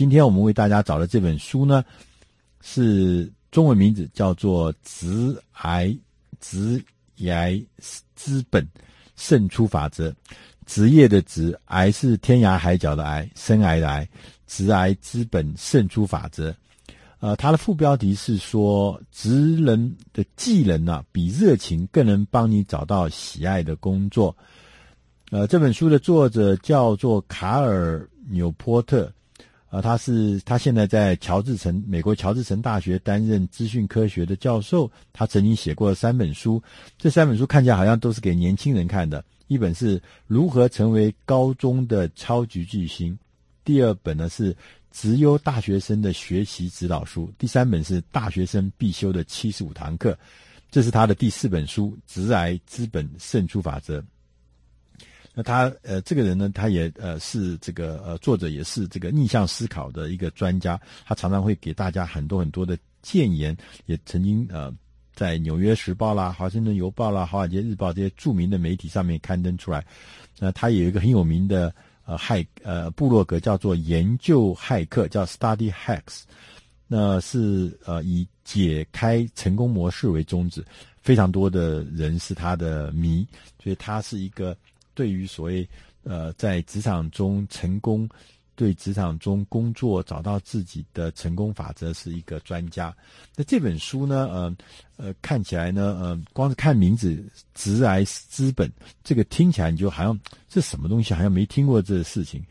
今天我們為大家找的這本書呢，是中文名字叫做《職涯》，職涯資本勝出法則，職業的職，涯是天涯海角的涯，生涯的涯，職涯資本勝出法則。呃，它的副標題是說，職人的技能呢、啊，比熱情更能幫你找到喜愛的工作。呃，這本書的作者叫做卡爾紐波特。啊、呃，他是他現在在喬治城美國喬治城大學擔任資訊科學的教授。他曾經寫過三本書，這三本書看起來好像都是給年輕人看的。一本是《如何成為高中的超級巨星》，第二本呢是《職優大學生的學習指導書》，第三本是《大學生必修的七十五堂課》。這是他的第四本書《職涯資本勝出法則》。那他呃，這個人呢，他也呃是這個呃作者，也是這個逆向思考的一個專家。他常常會給大家很多很多的建言，也曾經呃在《紐約時報》啦、《華盛頓郵報》啦、《華爾街日報》這些著名的媒體上面刊登出來。那他有一個很有名的呃駭呃部落格，叫做“研究駭客”，叫 “Study Hacks”，那是呃以解開成功模式為宗旨，非常多的人是他的迷，所以他是一個。對於所謂，呃，在職場中成功，對職場中工作找到自己的成功法則，是一個專家。那這本書呢，呃，呃，看起來呢，呃，光是看名字“職涯資本”，這個聽起來你就好像這什麼東西，好像沒聽過這個事情。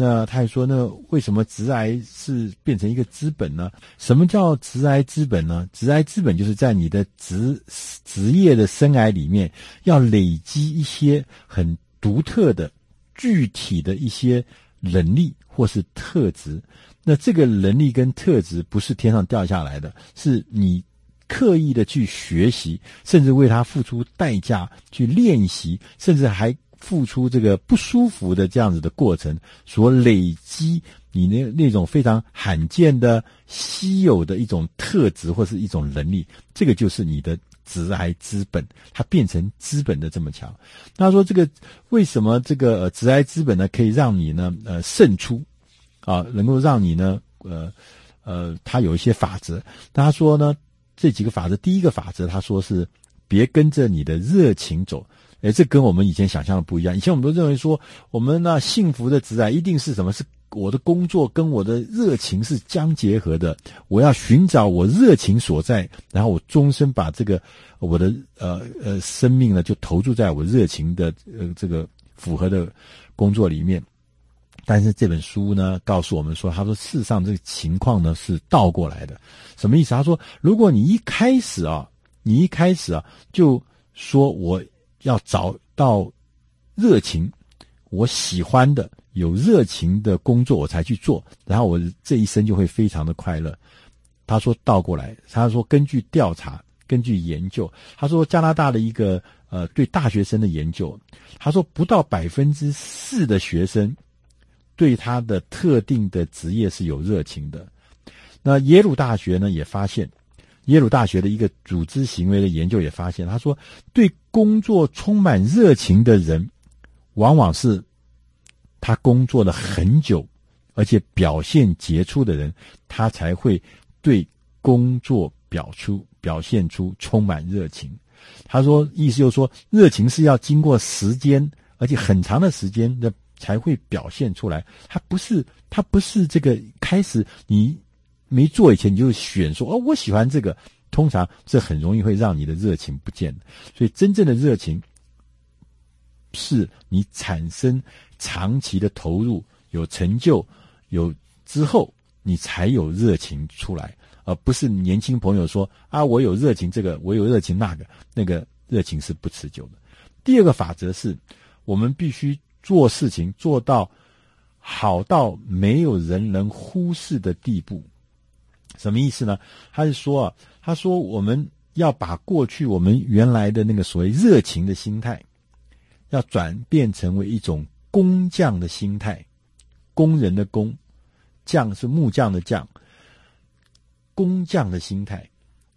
那他還說，那為什麼職涯是變成一個資本呢？什麼叫職涯資本呢？職涯資本就是在你的職職業的生涯裡面，要累積一些很獨特的、具體的一些能力或是特質。那這個能力跟特質不是天上掉下來的，是你刻意的去學習，甚至為它付出代價去練習，甚至還。付出這個不舒服的這樣子的過程，所累積你那那種非常罕見的、稀有的一種特質或是一種能力，這個就是你的職涯資本，它變成資本的這麼強。那他說：“這個為什麼這個職涯、呃、資本呢，可以讓你呢，呃，勝出啊，能夠讓你呢，呃，呃，它有一些法則。”他說呢：“這幾個法則，第一個法則，他說是別跟着你的熱情走。”哎，這跟我們以前想象的不一樣。以前我們都認為說，我們那幸福的職涯一定是什麼？是我的工作跟我的熱情是相結合的。我要尋找我熱情所在，然後我終身把這個我的呃呃生命呢就投注在我熱情的呃這個符合的工作裡面。但是這本書呢告訴我們說，他說世上這個情況呢是倒過來的。什麼意思？他說，如果你一開始啊，你一開始啊，就說我。要找到熱情，我喜歡的有熱情的工作，我才去做，然後我這一生就會非常的快樂。他說倒過來，他說根據調查，根據研究，他說加拿大的一個呃對大學生的研究，他說不到百分之四的學生對他的特定的職業是有熱情的。那耶魯大學呢也發現。耶魯大學的一個組織行為的研究也發現，他說，對工作充滿熱情的人，往往是他工作了很久，而且表現傑出的人，他才會對工作表出表現出充滿熱情。他說，意思就是說，熱情是要經過時間，而且很長的時間的才會表現出來。他不是，他不是這個開始你。沒做以前你就選說哦，我喜歡這個，通常這很容易會讓你的熱情不見。所以真正的熱情，是你產生長期的投入、有成就有之後，你才有熱情出來，而、呃、不是年輕朋友說啊，我有熱情這個，我有熱情那個，那個熱情是不持久的。第二個法則是，我們必須做事情做到好到沒有人能忽視的地步。什麼意思呢？他是說啊，他說我們要把過去我們原來的那個所謂熱情的心態，要轉變成為一種工匠的心態。工人的工，匠是木匠的匠。工匠的心態，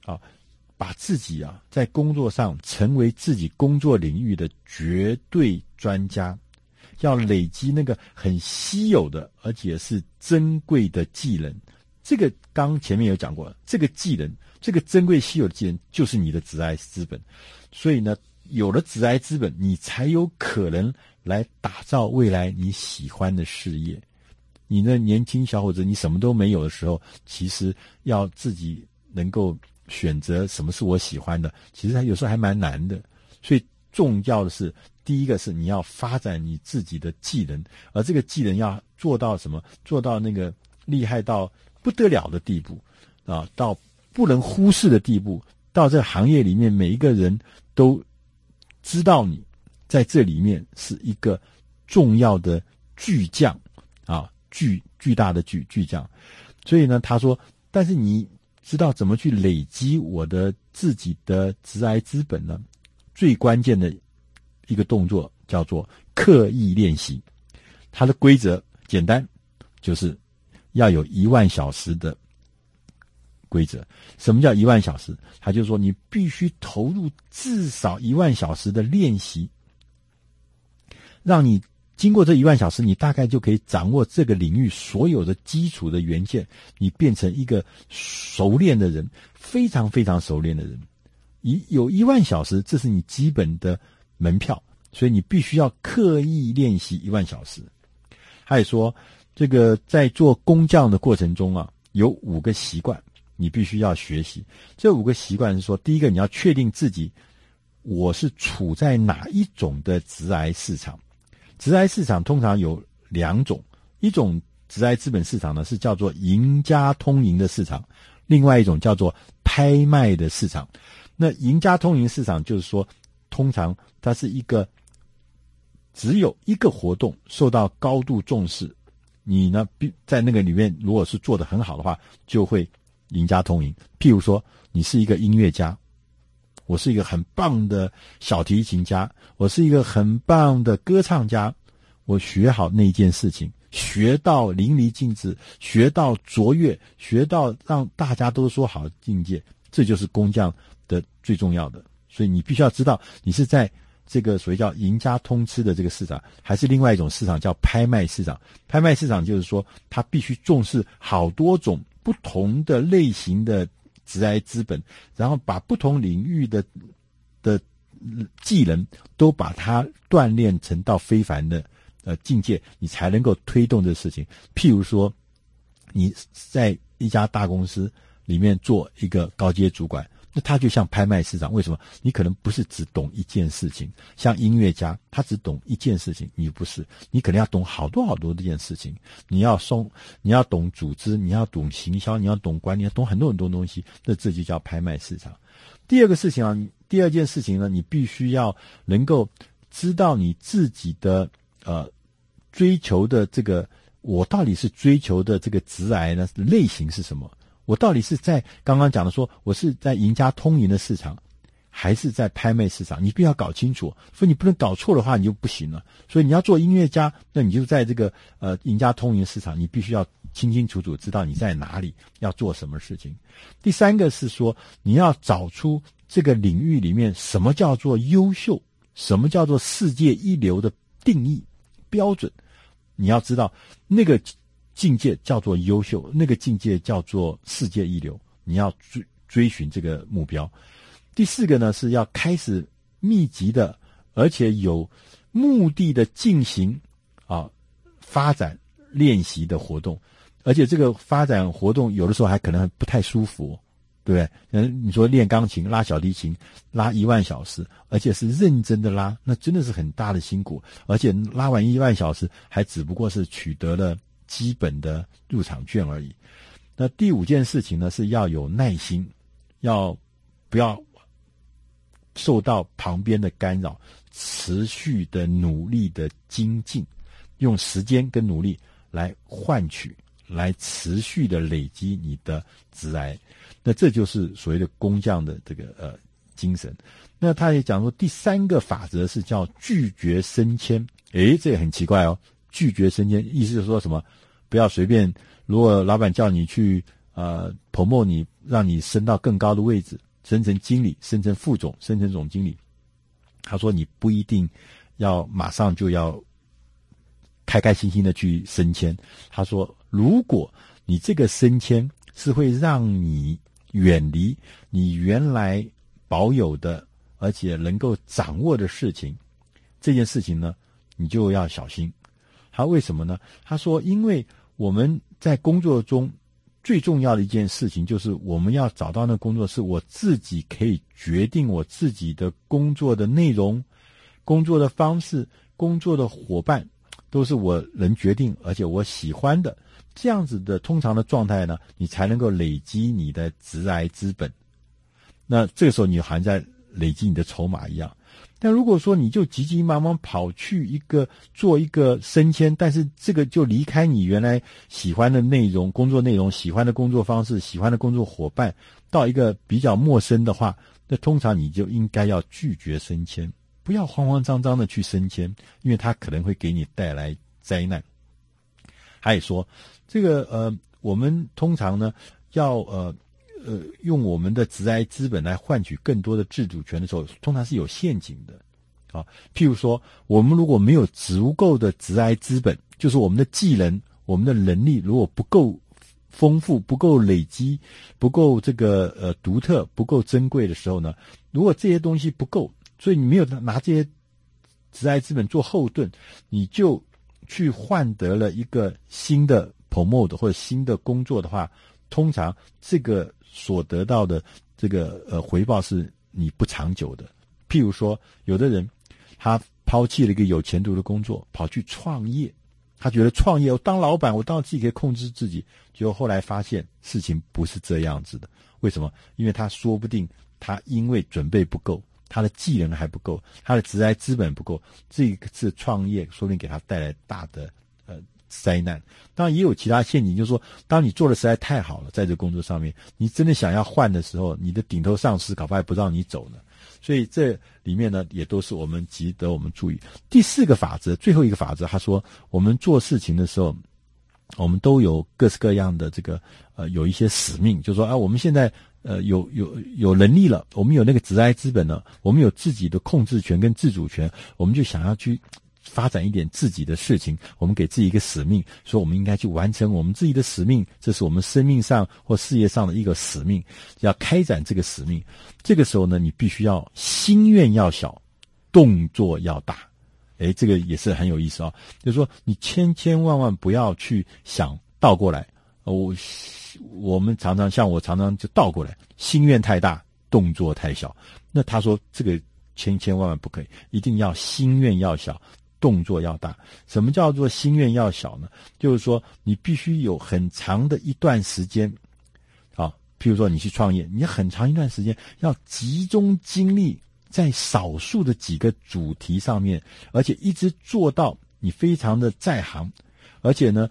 啊，把自己啊在工作上成為自己工作領域的絕對專家，要累積那個很稀有的而且是珍貴的技能。這個剛前面有講過這個技能，這個珍貴稀有的技能，就是你的職涯資本。所以呢，有了職涯資本，你才有可能來打造未來你喜歡的事業。你那年輕小伙子，你什麼都沒有的時候，其實要自己能夠選擇什麼是我喜歡的，其實有時候還蠻難的。所以重要的是，第一個是你要發展你自己的技能，而這個技能要做到什麼？做到那個厲害到不得了的地步啊，到不能忽視的地步，到這行業裡面每一個人都知道你在這裡面是一個重要的巨匠啊，巨，巨大的巨，巨匠。所以呢，他說，但是你知道怎麼去累積我的自己的職涯資本呢？最關鍵的一個動作叫做刻意練習。它的規則簡單，就是。要有一萬小時的規則。什麼叫一萬小時？他就是說你必須投入至少一萬小時的練習，讓你經過這一萬小時，你大概就可以掌握這個領域所有的基礎的元件，你變成一個熟練的人，非常非常熟練的人。一有一萬小時，這是你基本的門票，所以你必須要刻意練習一萬小時。他也說。這個在做工匠的過程中啊，有五個習慣你必須要學習。這五個習慣是說：第一個，你要確定自己我是處在哪一種的職涯市場。職涯市場通常有兩種，一種職涯資本市場呢是叫做贏家通贏的市場，另外一種叫做拍賣的市場。那贏家通贏市場就是說，通常它是一個只有一個活動受到高度重視。你呢？在那個裡面，如果是做得很好的話，就會贏家通贏。譬如說，你是一個音樂家，我是一個很棒的小提琴家，我是一個很棒的歌唱家，我學好那一件事情，學到淋漓盡致，學到卓越，學到讓大家都說好境界，這就是工匠的最重要的。所以你必須要知道，你是在。這個所謂叫贏家通吃的這個市場，還是另外一種市場，叫拍賣市場。拍賣市場就是說，他必須重視好多種不同的類型的職涯資本，然後把不同領域的的技能都把它鍛鍊成到非凡的呃境界，你才能夠推動這個事情。譬如說，你在一家大公司裡面做一個高階主管。那他就像拍賣市場，為什麼？你可能不是只懂一件事情，像音樂家他只懂一件事情，你不是，你可能要懂好多好多這件事情。你要送，你要懂組織，你要懂行銷，你要懂管理，你要懂很多很多東西。那這就叫拍賣市場。第二個事情啊，第二件事情呢，你必須要能夠知道你自己的呃追求的這個，我到底是追求的這個職涯呢類型是什麼？我到底是在剛剛講的，說我是在贏家通贏的市場，還是在拍賣市場？你必須要搞清楚。所以你不能搞錯的話，你就不行了。所以你要做音樂家，那你就在這個呃贏家通贏市場，你必須要清清楚楚知道你在哪裡要做什麼事情。第三個是說，你要找出這個領域裡面什麼叫做優秀，什麼叫做世界一流的定義標準，你要知道那個。境界叫做優秀，那個境界叫做世界一流。你要追追尋這個目標。第四個呢，是要開始密集的，而且有目的的進行啊發展練習的活動。而且這個發展活動有的時候還可能還不太舒服，對不對？嗯，你說練鋼琴、拉小提琴，拉一萬小時，而且是認真的拉，那真的是很大的辛苦。而且拉完一萬小時，還只不過是取得了。基本的入場券而已。那第五件事情呢，是要有耐心，要不要受到旁邊的干擾，持續的努力的精進，用時間跟努力來換取，來持續的累積你的職涯。那這就是所謂的工匠的這個呃精神。那他也講說，第三個法則是叫拒絕升遷。哎，這也很奇怪哦。拒絕升遷，意思是說什麼？不要隨便。如果老闆叫你去，呃，promote 你，讓你升到更高的位置，升成經理，升成副總，升成總經理，他說你不一定要馬上就要開開心心的去升遷。他說，如果你這個升遷是會讓你遠離你原來保有的，而且能夠掌握的事情，這件事情呢，你就要小心。他為什麼呢？他說：“因為我們在工作中最重要的一件事情，就是我們要找到那工作是我自己可以決定我自己的工作的內容、工作的方式、工作的夥伴，都是我能決定，而且我喜歡的這樣子的。通常的狀態呢，你才能夠累積你的職涯資本。那這個時候，你還在累積你的籌碼一樣。”但如果說你就急急忙忙跑去一個做一個升遷，但是這個就離開你原來喜歡的內容、工作內容、喜歡的工作方式、喜歡的工作夥伴，到一個比較陌生的話，那通常你就應該要拒絕升遷，不要慌慌張張的去升遷，因為它可能會給你帶來災難。還有說，這個呃，我們通常呢要呃。呃，用我們的職涯資本來換取更多的自主權的時候，通常是有陷阱的，啊，譬如說，我們如果沒有足夠的職涯資本，就是我們的技能、我們的能力如果不夠豐富、不夠累積、不夠這個呃獨特、不夠珍貴的時候呢，如果這些東西不夠，所以你沒有拿這些職涯資本做後盾，你就去換得了一個新的 promote 或者新的工作的話，通常這個。所得到的這個呃回報是你不長久的。譬如說，有的人他拋棄了一個有前途的工作，跑去創業，他覺得創業我當老闆，我當然自己可以控制自己。結果後來發現事情不是這樣子的。為什麼？因為他說不定他因為準備不夠，他的技能還不夠，他的職涯資本不夠，這一次創業說不定給他帶來大的。災難，當然也有其他陷阱，就是說，當你做的實在太好了，在這個工作上面，你真的想要換的時候，你的頂頭上司搞不好也不讓你走呢。所以這裡面呢，也都是我們值得我們注意。第四個法則，最後一個法則，他說，我們做事情的時候，我們都有各式各樣的這個呃，有一些使命，就是說啊，我們現在呃有有有能力了，我們有那個職涯資本了，我們有自己的控制權跟自主權，我們就想要去。發展一點自己的事情，我們給自己一個使命，說我們應該去完成我們自己的使命，這是我們生命上或事業上的一個使命，要開展這個使命。這個時候呢，你必須要心願要小，動作要大。誒，這個也是很有意思啊、哦，就是說你千千萬萬不要去想倒過來。我我們常常像我常常就倒過來，心願太大，動作太小。那他說這個千千萬萬不可以，一定要心願要小，動作要大，什麼叫做心願要小呢？就是說，你必須有很長的一段時間，啊，譬如說你去創業，你很長一段時間要集中精力在少數的幾個主題上面，而且一直做到你非常的在行，而且呢，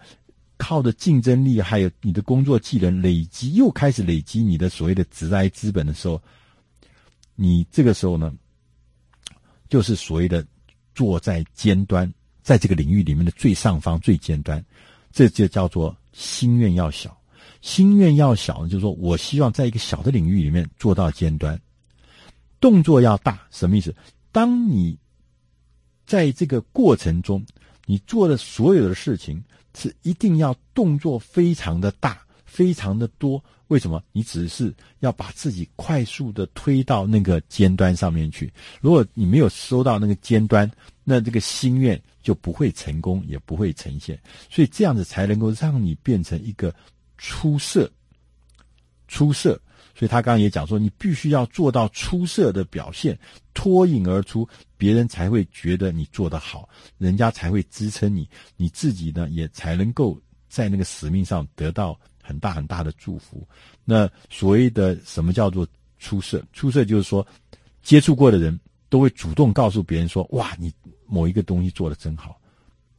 靠着競爭力還有你的工作技能累積，又開始累積你的所謂的職涯資本的時候，你這個時候呢，就是所謂的。坐在尖端，在這個領域裡面的最上方、最尖端，這就叫做心願要小。心願要小，就是說我希望在一個小的領域裡面做到尖端。動作要大，什麼意思？當你在這個過程中，你做的所有的事情是一定要動作非常的大。非常的多，為什麼？你只是要把自己快速的推到那個尖端上面去。如果你沒有收到那個尖端，那這個心願就不會成功，也不會呈現。所以這樣子才能夠讓你變成一個出色、出色。所以他剛剛也講說，你必須要做到出色的表現，脫穎而出，別人才會覺得你做得好，人家才會支撐你，你自己呢也才能夠在那個使命上得到很大很大的祝福。那所謂的什麼叫做出色？出色就是說，接觸過的人都會主動告訴別人說：“哇，你某一個東西做得真好。”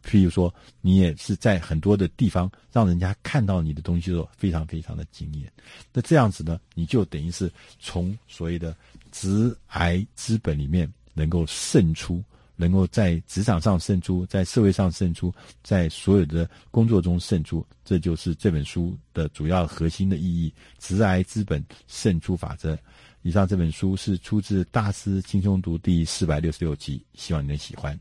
譬如說，你也是在很多的地方讓人家看到你的東西，的時候非常非常的驚豔。那這樣子呢，你就等於是從所謂的職涯資本裡面能夠勝出。能夠在職場上勝出，在社會上勝出，在所有的工作中勝出，這就是這本書的主要核心的意義——職涯資本勝出法則。以上這本書是出自《大師輕鬆讀》第四百六十六集，希望你能喜歡。